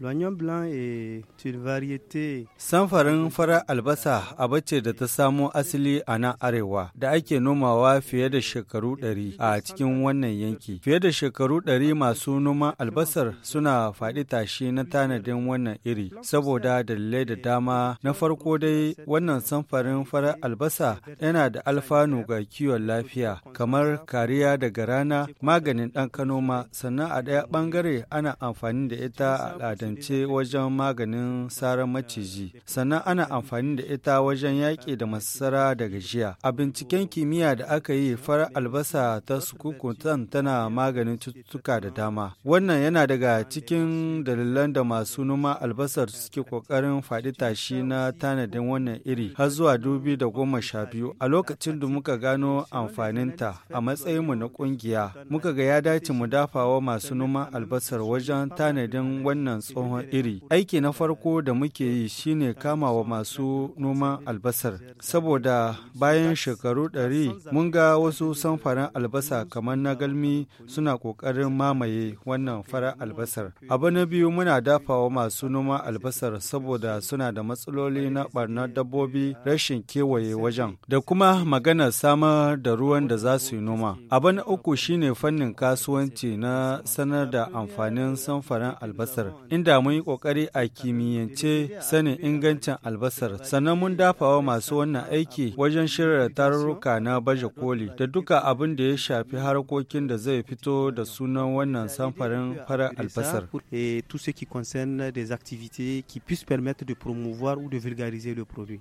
L'oignon blanc est une Samfarin fara albasa aba ce da ta samo asali a nan arewa da ake nomawa fiye da shekaru ɗari a cikin wannan yanki. Fiye da shekaru ɗari masu noman albasar suna faɗi tashi na tanadin wannan iri saboda dalilai da dama na farko dai wannan samfarin fara albasa yana da alfanu ga kiwon lafiya kamar kariya daga rana maganin ɗan kanoma sannan a ɗaya ɓangare ana amfani da ita a kasance wajen maganin sarar maciji, sannan ana amfani da ita wajen yaƙi da masara da gajiya. A binciken kimiyya da aka yi farar albasa ta sukukutan tana maganin cututtuka da dama. Wannan yana daga cikin dalilan da masu noma albasar suke ƙoƙarin faɗi tashi na tanadin wannan iri har zuwa dubi da goma sha biyu a lokacin da muka gano amfaninta a matsayinmu na ƙungiya muka ga ya dace mu dafawa masu noman albasar wajen tanadin wannan tsoro tsohon iri. Aiki na farko da muke yi shine kama wa masu noman albasar, saboda bayan shekaru ɗari mun ga wasu samfarin albasa kamar na galmi suna ƙoƙarin mamaye wannan farar albasar. Abu na biyu muna dafawa masu noman albasar saboda suna da matsaloli na ɓarnar dabbobi rashin kewaye wajen, da kuma maganar samar da ruwan da za su yi noma. Abu na uku shine fannin kasuwanci na sanar da amfanin samfarin albasar, inda da mun yi ƙoƙari a kimiyyance sanin ingancin albasar, sannan mun dafa wa masu wannan aiki wajen shirya tarurruka na baje koli da duka abin da ya shafi harkokin da zai fito da sunan wannan samfarin farar albasar. tout ce qui concerne des activités qui puissent permettre de promouvoir ou de vulgariser le produit.